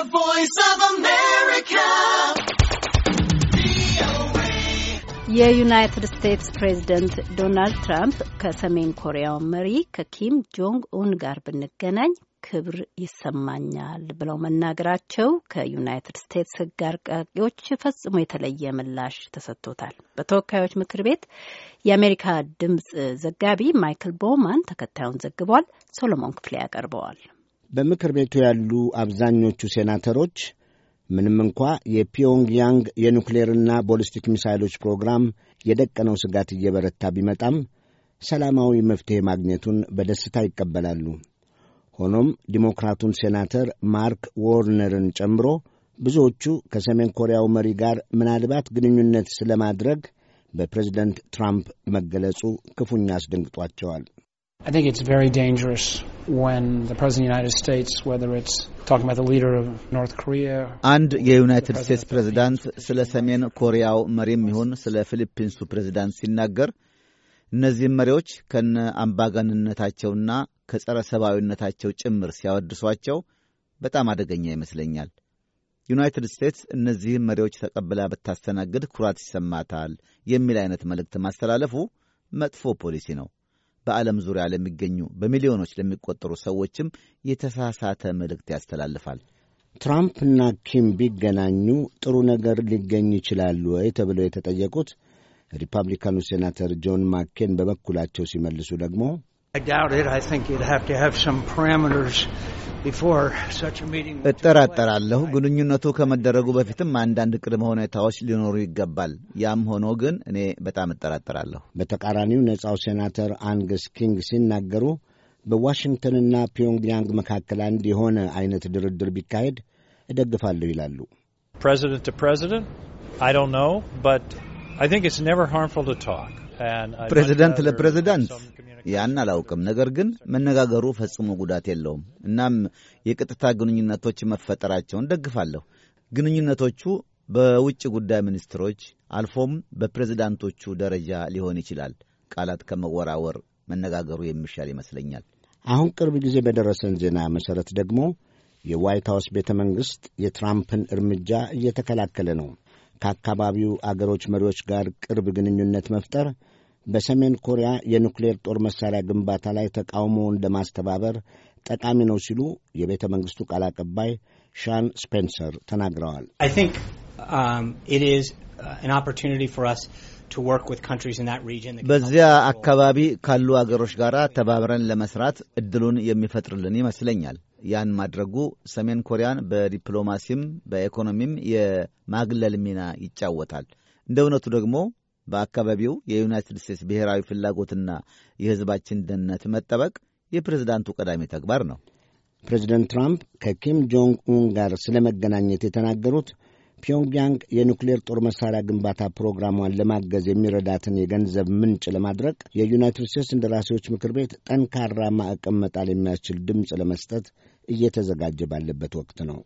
The Voice of America. የዩናይትድ ስቴትስ ፕሬዝደንት ዶናልድ ትራምፕ ከሰሜን ኮሪያው መሪ ከኪም ጆንግ ኡን ጋር ብንገናኝ ክብር ይሰማኛል ብለው መናገራቸው ከዩናይትድ ስቴትስ ሕግ አርቃቂዎች ፈጽሞ የተለየ ምላሽ ተሰጥቶታል። በተወካዮች ምክር ቤት የአሜሪካ ድምፅ ዘጋቢ ማይክል ቦውማን ተከታዩን ዘግቧል። ሶሎሞን ክፍሌ ያቀርበዋል። በምክር ቤቱ ያሉ አብዛኞቹ ሴናተሮች ምንም እንኳ የፒዮንግያንግ የኑክሌርና ቦሊስቲክ ሚሳይሎች ፕሮግራም የደቀነው ስጋት እየበረታ ቢመጣም ሰላማዊ መፍትሔ ማግኘቱን በደስታ ይቀበላሉ። ሆኖም ዲሞክራቱን ሴናተር ማርክ ዎርነርን ጨምሮ ብዙዎቹ ከሰሜን ኮሪያው መሪ ጋር ምናልባት ግንኙነት ስለማድረግ በፕሬዝደንት ትራምፕ መገለጹ ክፉኛ አስደንግጧቸዋል። አንድ የዩናይትድ ስቴትስ ፕሬዝዳንት ስለ ሰሜን ኮሪያው መሪም ይሁን ስለ ፊሊፒንሱ ፕሬዝዳንት ሲናገር እነዚህም መሪዎች ከነ አምባገንነታቸውና ከጸረ ሰብአዊነታቸው ጭምር ሲያወድሷቸው በጣም አደገኛ ይመስለኛል። ዩናይትድ ስቴትስ እነዚህም መሪዎች ተቀብላ ብታስተናግድ ኩራት ይሰማታል የሚል አይነት መልእክት ማስተላለፉ መጥፎ ፖሊሲ ነው። በዓለም ዙሪያ ለሚገኙ በሚሊዮኖች ለሚቆጠሩ ሰዎችም የተሳሳተ መልእክት ያስተላልፋል። ትራምፕና ኪም ቢገናኙ ጥሩ ነገር ሊገኝ ይችላሉ ወይ ተብለው የተጠየቁት ሪፐብሊካኑ ሴናተር ጆን ማኬን በበኩላቸው ሲመልሱ ደግሞ እጠራጠራለሁ። ግንኙነቱ ከመደረጉ በፊትም አንዳንድ ቅድመ ሁኔታዎች ሊኖሩ ይገባል። ያም ሆኖ ግን እኔ በጣም እጠራጠራለሁ። በተቃራኒው ነጻው ሴናተር አንገስ ኪንግ ሲናገሩ በዋሽንግተንና ፒዮንግያንግ መካከል አንድ የሆነ አይነት ድርድር ቢካሄድ እደግፋለሁ ይላሉ። ፕሬዚደንት ቱ ፕሬዚደንት አይ ዶንት ያን አላውቅም። ነገር ግን መነጋገሩ ፈጽሞ ጉዳት የለውም። እናም የቀጥታ ግንኙነቶች መፈጠራቸውን ደግፋለሁ። ግንኙነቶቹ በውጭ ጉዳይ ሚኒስትሮች አልፎም በፕሬዝዳንቶቹ ደረጃ ሊሆን ይችላል። ቃላት ከመወራወር መነጋገሩ የሚሻል ይመስለኛል። አሁን ቅርብ ጊዜ በደረሰን ዜና መሠረት ደግሞ የዋይት ሀውስ ቤተ መንግሥት የትራምፕን እርምጃ እየተከላከለ ነው። ከአካባቢው አገሮች መሪዎች ጋር ቅርብ ግንኙነት መፍጠር በሰሜን ኮሪያ የኑክሌር ጦር መሣሪያ ግንባታ ላይ ተቃውሞውን ለማስተባበር ጠቃሚ ነው ሲሉ የቤተ መንግሥቱ ቃል አቀባይ ሻን ስፔንሰር ተናግረዋል። um, uh, በዚያ አካባቢ ካሉ አገሮች ጋር ተባብረን ለመስራት እድሉን የሚፈጥርልን ይመስለኛል። ያን ማድረጉ ሰሜን ኮሪያን በዲፕሎማሲም በኢኮኖሚም የማግለል ሚና ይጫወታል። እንደ እውነቱ ደግሞ በአካባቢው የዩናይትድ ስቴትስ ብሔራዊ ፍላጎትና የሕዝባችን ደህንነት መጠበቅ የፕሬዝዳንቱ ቀዳሚ ተግባር ነው። ፕሬዝደንት ትራምፕ ከኪም ጆንግ ኡን ጋር ስለ መገናኘት የተናገሩት ፒዮንግያንግ የኑክሌር ጦር መሳሪያ ግንባታ ፕሮግራሟን ለማገዝ የሚረዳትን የገንዘብ ምንጭ ለማድረግ የዩናይትድ ስቴትስ እንደራሴዎች ምክር ቤት ጠንካራ ማዕቀብ መጣል የሚያስችል ድምፅ ለመስጠት እየተዘጋጀ ባለበት ወቅት ነው።